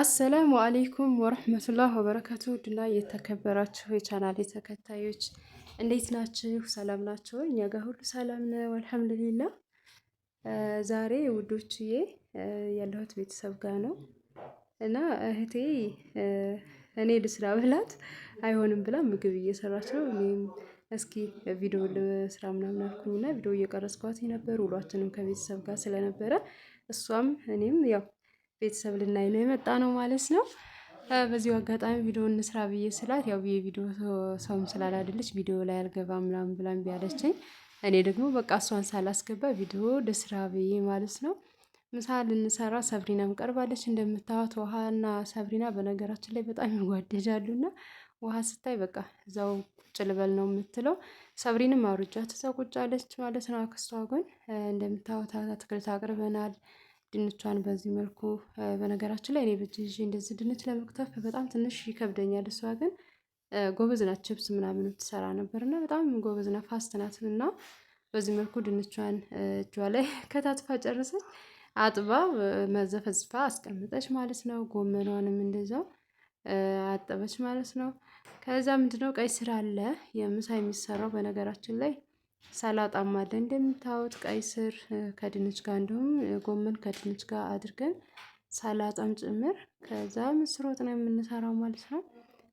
አሰላሙ አሌይኩም ወረህመቱላህ ወበረከቱ ድና የተከበራችሁ የቻናሌ ተከታዮች እንዴት ናችሁ? ሰላም ናችሁ? እኛ ጋር ሁሉ ሰላም ነው፣ አልሐምዱሊላ። ዛሬ ውዶችዬ ያለሁት ቤተሰብ ጋር ነው እና እህቴ እኔ ልስራ ብላት አይሆንም ብላ ምግብ እየሰራች ነው። እኔም እስኪ ቪዲዮ ልስራ ምናምን አልኩኝና ቪዲዮ እየቀረጽኳት ነበር። ውሏችንም ከቤተሰብ ጋር ስለነበረ እሷም እኔም ያው ቤተሰብ ልናይ ነው የመጣ ነው ማለት ነው። በዚሁ አጋጣሚ ቪዲዮ እንስራ ብዬ ስላት ያው የቪዲዮ ሰውም ስላላድልች ቪዲዮ ላይ አልገባም ምናምን ብላ እምቢ አለችኝ። እኔ ደግሞ በቃ እሷን ሳላስገባ ቪዲዮ ልስራ ብዬ ማለት ነው። ምሳ ልንሰራ ሰብሪናም ቀርባለች። እንደምታዩት ውሃና ሰብሪና በነገራችን ላይ በጣም ይጓደጃሉ ይዋደዳሉና ውሃ ስታይ በቃ እዛው ቁጭ ልበል ነው የምትለው። ሰብሪንም አውርጃት እዛ ቁጭ አለች ማለት ነው። አክስቷ ጎን እንደምታዩት አትክልት አቅርበናል። ድንቿን በዚህ መልኩ በነገራችን ላይ እኔ በእጅ እንደዚህ ድንች ለመክተፍ በጣም ትንሽ ይከብደኛል። እሷ ግን ጎበዝ ናት። ችብስ ምናምን ትሰራ እና በጣም ጎበዝ ናት፣ ፋስት ናት። እና በዚህ መልኩ ድንቿን እጇ ላይ ከታትፋ ጨርሰች አጥባ መዘፈዝፋ አስቀምጠች ማለት ነው። ጎመኗንም እንደዛው አጠበች ማለት ነው። ከዛ ምንድነው ቀይ ስር አለ የምሳ የሚሰራው በነገራችን ላይ ሰላጣም አለ እንደምታዩት ቀይ ስር ከድንች ጋር እንዲሁም ጎመን ከድንች ጋር አድርገን ሰላጣም ጭምር ከዛ ምስር ወጥ ነው የምንሰራው ማለት ነው።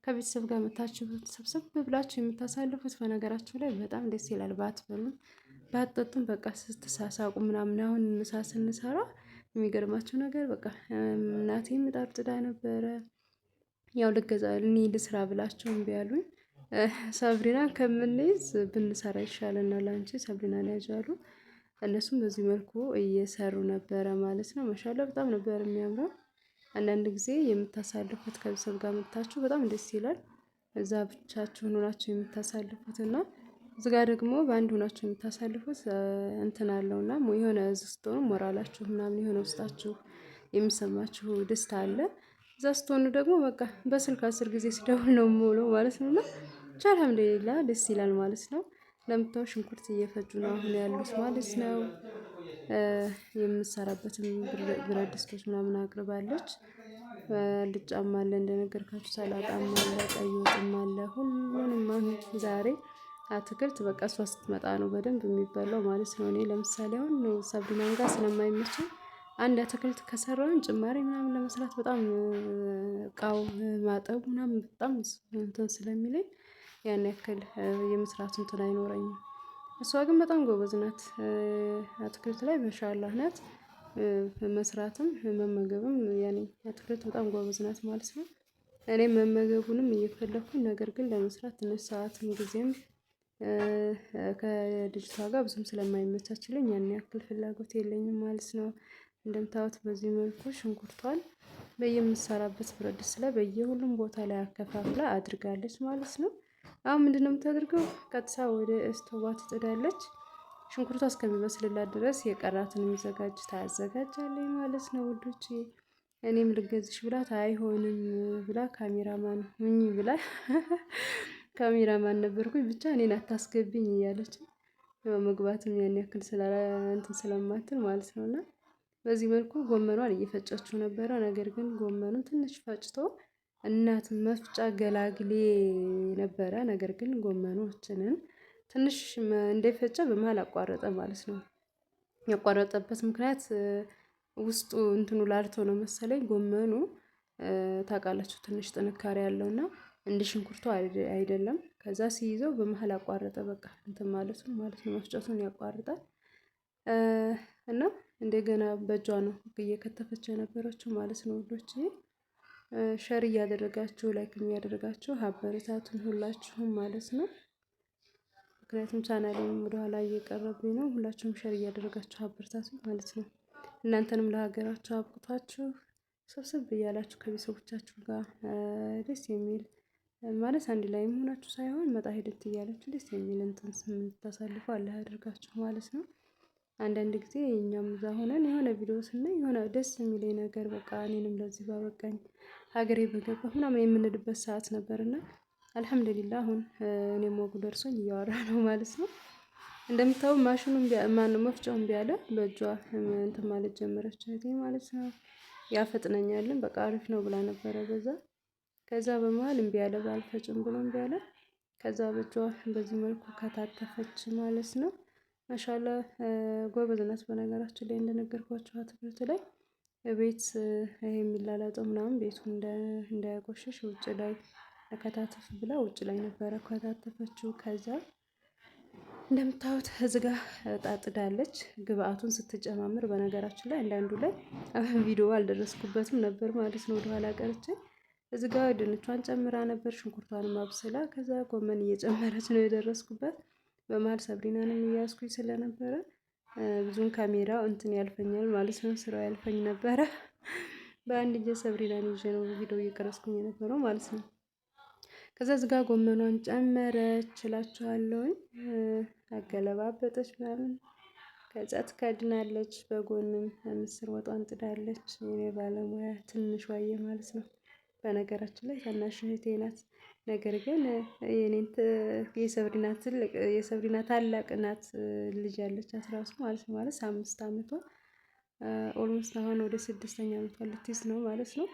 ከቤተሰብ ጋር መታችሁ ሰብሰብ ብላችሁ የምታሳልፉት በነገራችሁ ላይ በጣም ደስ ይላል። ባትበሉም ባትጠጡም በቃ ስትሳሳቁ ምናምን አሁን ምሳ ስንሰራ የሚገርማችሁ ነገር በቃ እናቴ ምጣድ ጥዳ ነበረ። ያው ልገዛ እኔ ልስራ ብላቸው እምቢ አሉኝ። ሰብሪና ከምንይዝ ብንሰራ ይሻለናል። ሰብሪና ሳብሪናን አሉ። እነሱም በዚህ መልኩ እየሰሩ ነበረ ማለት ነው። ማሻላ በጣም ነበር የሚያምረው። አንዳንድ ጊዜ የምታሳልፉት ከቤተሰብ ጋር መታችሁ በጣም ደስ ይላል። እዛ ብቻችሁን ሆናችሁ የምታሳልፉት እና እዚ ጋር ደግሞ በአንድ ሆናችሁ የምታሳልፉት እንትን አለውና የሆነ ስትሆኑ ሞራላችሁ ምናምን የሆነ ውስጣችሁ የሚሰማችሁ ደስታ አለ። እዛ ስትሆኑ ደግሞ በቃ በስልክ አስር ጊዜ ሲደውል ነው የምውለው ማለት ነውና ብቻ አልሐምዱሊላ ደስ ይላል ማለት ነው። ለምታው ሽንኩርት እየፈጩ ነው አሁን ያሉት ማለት ነው። የምሰራበትም ብረት ድስቶች ምናምን አቅርባለች። አልጫም አለ እንደነገርካችሁ፣ ሰላጣም አለ፣ ቀይ ወጥም አለ። ሁሉንም አሁን ዛሬ አትክልት በቃ እሷ ስትመጣ ነው በደንብ የሚበላው ማለት ነው። እኔ ለምሳሌ አሁን ሳብዱማን ጋር ስለማይመቸኝ አንድ አትክልት ከሰራውን ጭማሪ ምናምን ለመስራት በጣም እቃው ማጠቡ ምናምን በጣም እንትን ስለሚለኝ ያን ያክል የመስራት እንትን አይኖረኝም። እሷ ግን በጣም ጎበዝ ናት። አትክልት ላይ መሻላ ናት። መስራትም መመገብም ያኔ አትክልት በጣም ጎበዝ ናት ማለት ነው። እኔ መመገቡንም እየፈለኩኝ ነገር ግን ለመስራት ትንሽ ሰዓትም ጊዜም ከልጅቷ ጋር ብዙም ስለማይመቻችልኝ ያን ያክል ፍላጎት የለኝም ማለት ነው። እንደምታዩት በዚህ መልኩ ሽንኩርቷን በየምትሰራበት ብረት ድስት ላይ በየሁሉም ቦታ ላይ አከፋፍላ አድርጋለች ማለት ነው አሁን ነው የምታደርገው? ቀጥታ ወደ እስቶባ ትጥዳለች። ሽንኩርቷ እስከሚበስልላት ድረስ የቀራትን የሚዘጋጅ ታዘጋጃለች ማለት ነው ውዶች። እኔም ልገዝሽ ብላት አይሆንም ብላ ካሜራማን ሁኝ ብላ ካሜራማን ነበርኩኝ ብቻ እኔን አታስገብኝ እያለች መግባትም ያን ያክል እንትን ስለማትል ማለት ነው። እና በዚህ መልኩ ጎመኗን እየፈጨችው ነበረ። ነገር ግን ጎመኑን ትንሽ ፈጭቶ እናት መፍጫ ገላግሌ ነበረ። ነገር ግን ጎመኖችንን ትንሽ እንደፈጨ በመሀል አቋረጠ ማለት ነው። ያቋረጠበት ምክንያት ውስጡ እንትኑ ላልተው ነው መሰለኝ። ጎመኑ ታውቃላችሁ ትንሽ ጥንካሬ ያለው እና እንደ ሽንኩርቱ አይደለም። ከዛ ሲይዘው በመሀል አቋረጠ። በቃ እንትን ማለቱን ማለት ነው መፍጨቱን ያቋርጣል። እና እንደገና በእጇ ነው እየከተፈች የነበረችው ማለት ነው ውዶች። ሸር እያደረጋችሁ ላይክ እያደረጋችሁ አበረታቱን ሁላችሁም ማለት ነው። ምክንያቱም ቻናሌም ወደኋላ እየቀረብኝ ነው። ሁላችሁም ሸር እያደረጋችሁ አበረታቱን ማለት ነው። እናንተንም ለሀገራችሁ አብቅቷችሁ ሰብሰብ እያላችሁ ከቤተሰቦቻችሁ ጋር ደስ የሚል ማለት አንድ ላይ መሆናችሁ ሳይሆን መጣ ሄደት እያላችሁ ደስ የሚል እንትን የምታሳልፉ አለ ያደርጋችሁ ማለት ነው። አንዳንድ ጊዜ እኛም እዛ ሆነን የሆነ ቪዲዮ ስናይ የሆነ ደስ የሚለኝ ነገር በቃ እኔንም ለዚህ ባበቃኝ ሀገሬ በገባ ምናምን የምንልበት ሰዓት ነበርና አልሐምዱሊላ አሁን እኔ ሞጉ ደርሶኝ እያወራ ነው ማለት ነው። እንደምታው ማሽኑ ማነው መፍጫው እምቢ አለ። በእጇ እንትን ማለት ጀመረች እህቴ ማለት ነው። ያፈጥነኛልን በቃ አሪፍ ነው ብላ ነበረ በዛ ከዛ በመሃል እምቢ አለ ባልፈጭም ብሎ እምቢ አለ። ከዛ በእጇ በዚህ መልኩ ከታተፈች ማለት ነው። ማሻላ ጎበዝ ናት። በነገራችን ላይ እንደነገርኳቸው አትክልት ላይ ቤት ይሄ የሚላላጠው ምናምን ቤቱ እንዳያቆሸሽ ውጭ ላይ ከታተፍ ብላ ውጭ ላይ ነበረ ከታተፈችው። ከዛ እንደምታዩት እዚህ ጣጥዳለች ግብአቱን ስትጨማምር። በነገራችን ላይ አንዳንዱ ላይ ቪዲዮ አልደረስኩበትም ነበር ማለት ነው ወደኋላ ቀርቼ። እዚህ ድንቿን ጨምራ ነበር፣ ሽንኩርቷንም አብስላ፣ ከዛ ጎመን እየጨመረች ነው የደረስኩበት። በመሀል ሰብሪናንም እያያዝኩኝ ስለነበረ ብዙም ካሜራው እንትን ያልፈኛል ማለት ነው። ስራው ያልፈኝ ነበረ። በአንድ እጄ ሰብሪናን ይዤ ነው ቪዲዮ እየቀረስኩኝ የነበረው ማለት ነው። ከዛ ዝጋ ጎመኗን ጨመረች እላችኋለሁኝ። አገለባበጠች ምናምን ከጫት ትከድናለች። በጎንም ምስር ወጧን ጥዳለች። የኔ ባለሙያ ትንሽ ትንሿዬ ማለት ነው። በነገራችን ላይ ታናሽ እህቴ ናት። ነገር ግን የኔን የሰብሪና ትልቅ የሰብሪና ታላቅ ናት ልጅ ያለች አስራሱ ማለት ነው ማለት አምስት አመቷ ኦልሞስት አሁን ወደ ስድስተኛ አመቷ ልትይዝ ነው ማለት ነው።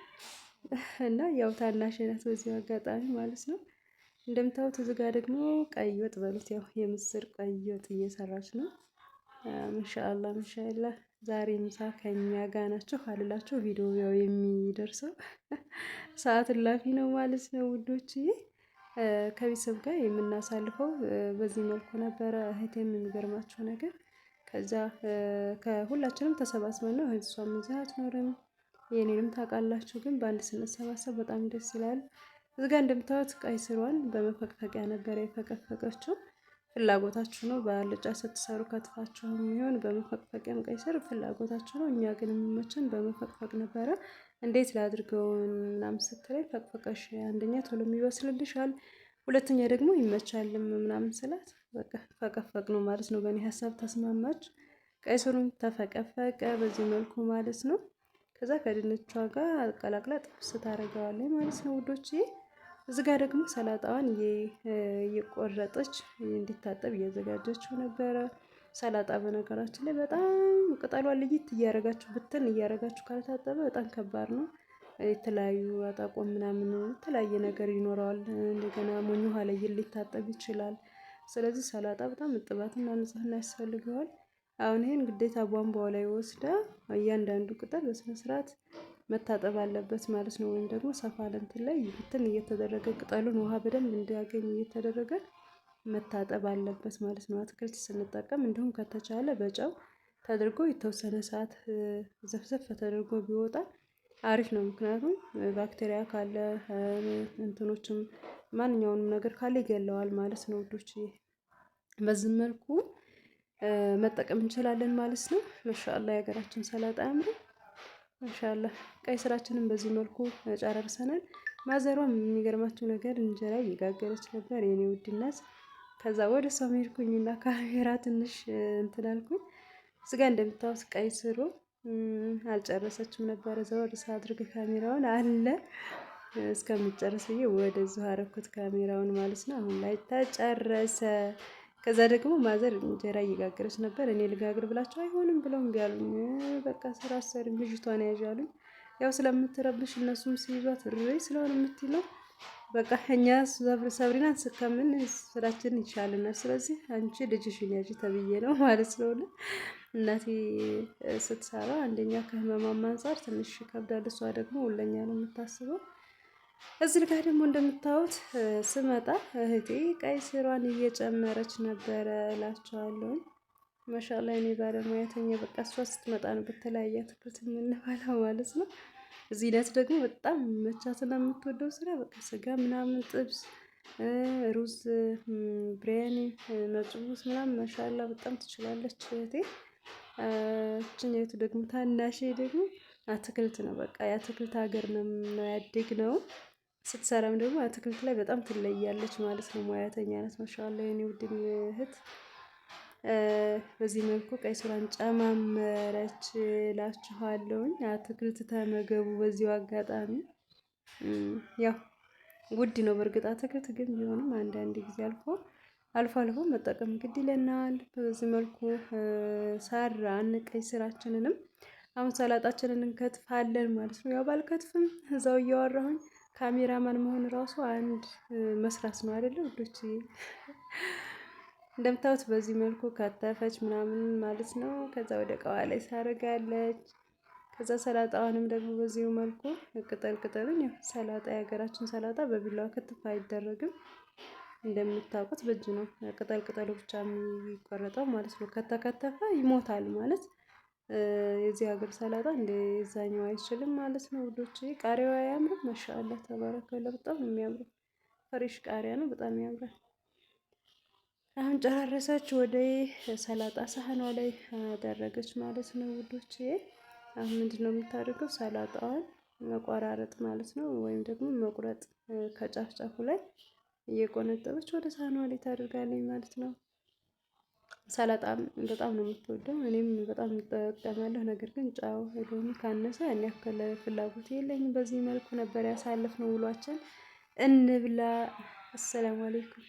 እና ያው ታናሽ ናት በዚሁ አጋጣሚ ማለት ነው። እንደምታዩት እዚህ ጋር ደግሞ ቀይ ወጥ በሉት ያው የምስር ቀይ ወጥ እየሰራች ነው። ማሻአላህ ማሻአላህ ዛሬ ምሳ ከኛ ጋር ናቸው ካልላቸው ቪዲዮ ያው የሚደርሰው ሰዓት እላፊ ነው ማለት ነው ውዶችዬ። ከቤተሰብ ጋር የምናሳልፈው በዚህ መልኩ ነበረ። እህት የሚገርማቸው ነገር ከዛ ከሁላችንም ተሰባስበን ነው እህት እሷም እዚህ አትኖርም፣ የኔንም ታውቃላችሁ። ግን በአንድ ስንሰባሰብ በጣም ደስ ይላል። እዚህ ጋር እንደምታዩት ቀይ ስሯን በመፈቅፈቂያ ነበረ የፈቀፈቀችው። ፍላጎታችሁ ነው። በአልጫ ስትሰሩ ከትፋችሁ የሚሆን በመፈቅፈቅም ቀይ ስር ፍላጎታችሁ ነው። እኛ ግን የሚመችን በመፈቅፈቅ ነበረ። እንዴት ላድርገው ምናምን ስትለኝ ፈቅፈቀሽ አንደኛ ቶሎ የሚበስልልሻል፣ ሁለተኛ ደግሞ ይመቻልም ምናምን ስላት በቃ ፈቀፈቅ ነው ማለት ነው። በእኔ ሀሳብ ተስማማች። ቀይ ስሩም ተፈቀፈቀ በዚህ መልኩ ማለት ነው። ከዛ ከድንቿ ጋር አቀላቅላ ጥብስ ታደርገዋለች ማለት ነው ውዶች። እዚ ጋር ደግሞ ሰላጣዋን እየቆረጠች እንዲታጠብ እያዘጋጀችው ነበረ። ሰላጣ በነገራችን ላይ በጣም ቅጠሏ ልይት እያረጋችሁ ብትን እያረጋችሁ ካልታጠበ በጣም ከባድ ነው። የተለያዩ አጣቆ ምናምን የተለያየ ነገር ይኖረዋል። እንደገና ሞኝ ውሃ ላይ ሊታጠብ ይችላል። ስለዚህ ሰላጣ በጣም እጥባትና ንጽህና ያስፈልገዋል። አሁን ይህን ግዴታ ቧንቧ ላይ ወስዳ እያንዳንዱ ቅጠል በስነስርዓት መታጠብ አለበት ማለት ነው። ወይም ደግሞ ሰፋ ለእንትን ላይ እንትን እየተደረገ ቅጠሉን ውሃ በደንብ እንዲያገኝ እየተደረገ መታጠብ አለበት ማለት ነው። አትክልት ስንጠቀም እንዲሁም ከተቻለ በጨው ተደርጎ የተወሰነ ሰዓት ዘፍዘፍ ተደርጎ ቢወጣ አሪፍ ነው። ምክንያቱም ባክቴሪያ ካለ እንትኖችም ማንኛውንም ነገር ካለ ይገለዋል ማለት ነው። ውዶች በዚህ መልኩ መጠቀም እንችላለን ማለት ነው። ማሻአላ የሀገራችን ሰላጣ ያምረው። ማሻአላ ቀይ ስራችንን በዚህ መልኩ ጨረርሰናል። ማዘሯ የሚገርማችሁ ነገር እንጀራ እየጋገረች ነበር የኔ ውድነት። ከዛ ወደ እሷ ሄድኩኝና ካሜራ ትንሽ እንትን አልኩኝ። እዚህ እንደምታዩት ቀይ ስሩ አልጨረሰችም ነበረ። ዘወር ሳድርግ ካሜራውን አለ እስከምጨርስ ብዬ ወደዚሁ አረኩት ካሜራውን ማለት ነው። አሁን ላይ ተጨረሰ። ከዛ ደግሞ ማዘር እንጀራ እየጋገረች ነበር። እኔ ልጋግር ብላቸው አይሆንም ብለው እምቢ አሉኝ። በቃ ስራ አሰሪም ልጅቷን ያዥ አሉኝ። ያው ስለምትረብሽ እነሱም ሲይዟት ብሬ ስለሆነ የምትለው በቃ እኛ ሰብሪናን ስከምን ስራችን ይሻልናል። ስለዚህ አንቺ ልጅሽን ያዥ ተብዬ ነው ማለት ስለሆነ እናቴ ስትሰራ አንደኛ ከህመማም አንጻር ትንሽ ከብዳል። እሷ ደግሞ ሁለኛ ነው የምታስበው እዚህ ጋር ደግሞ እንደምታዩት ስመጣ እህቴ ቀይ ስሯን እየጨመረች ነበረ እላቸዋለሁኝ። ማሻላ እኔ ባለሙያተኛ በቃ እሷ ስትመጣ ነው በተለያየ አትክልት የምንበላው ማለት ነው። እዚህ ዕለት ደግሞ በጣም መቻትና የምትወደው ስራ በቃ ስጋ ምናምን ጥብስ፣ ሩዝ፣ ብሪያኒ፣ መጭቡስ ምናምን ማሻላ በጣም ትችላለች እህቴ። እችኛይቱ ደግሞ ታናሼ ደግሞ አትክልት ነው። በቃ የአትክልት ሀገር ነው ያደግ ነው። ስትሰራም ደግሞ አትክልት ላይ በጣም ትለያለች ማለት ነው። ሙያተኛ ናት። ማሻአላ የኔ ውድን እህት በዚህ መልኩ ቀይ ስራን ጨማመረች ላችኋለውኝ። አትክልት ተመገቡ። በዚሁ አጋጣሚ ያው ውድ ነው በእርግጥ አትክልት ግን ቢሆንም አንዳንድ ጊዜ አልፎ አልፎ አልፎ መጠቀም ግድ ይለናል። በዚህ መልኩ ሰራን ቀይ ስራችንንም አሁን ሰላጣችንን እንከትፋለን ማለት ነው። ያው ባልከትፍም እዛው እያወራሁኝ ካሜራማን መሆን ራሱ አንድ መስራት ነው አይደለ ውዶች? እንደምታዩት በዚህ መልኩ ከተፈች ምናምን ማለት ነው። ከዛ ወደ እቃዋ ላይ ሳረጋለች። ከዛ ሰላጣዋንም ደግሞ በዚሁ መልኩ ቅጠል ቅጠሉን ሰላጣ የሀገራችን ሰላጣ በቢላዋ ክትፍ አይደረግም እንደምታውቁት በእጅ ነው ቅጠል ቅጠሉ ብቻ የሚቆረጠው ማለት ነው። ከተከተፈ ይሞታል ማለት የዚህ ሀገር ሰላጣ እንደ የዛኛው አይችልም ማለት ነው ውዶች። ቃሪያዋ ያምር ማሻአላ ተባረከላ። በጣም የሚያምረው ፍሬሽ ቃሪያ ነው። በጣም ያምራል። አሁን ጨራረሰች፣ ወደ ሰላጣ ሳህኗ ላይ አደረገች ማለት ነው ውዶች። አሁን ምንድን ነው የምታደርገው? ሰላጣዋን መቆራረጥ ማለት ነው ወይም ደግሞ መቁረጥ ከጫፍጫፉ ላይ እየቆነጠበች ወደ ሳህኗ ላይ ታደርጋለኝ ማለት ነው። ሰላጣም በጣም ነው የምትወደው። እኔም በጣም እጠቀማለሁ። ነገር ግን ጫው ሎሚ ካነሰ እኔ ያክል ፍላጎት የለኝም። በዚህ መልኩ ነበር ያሳለፍነው ውሏችን። እንብላ። አሰላሙ አሌይኩም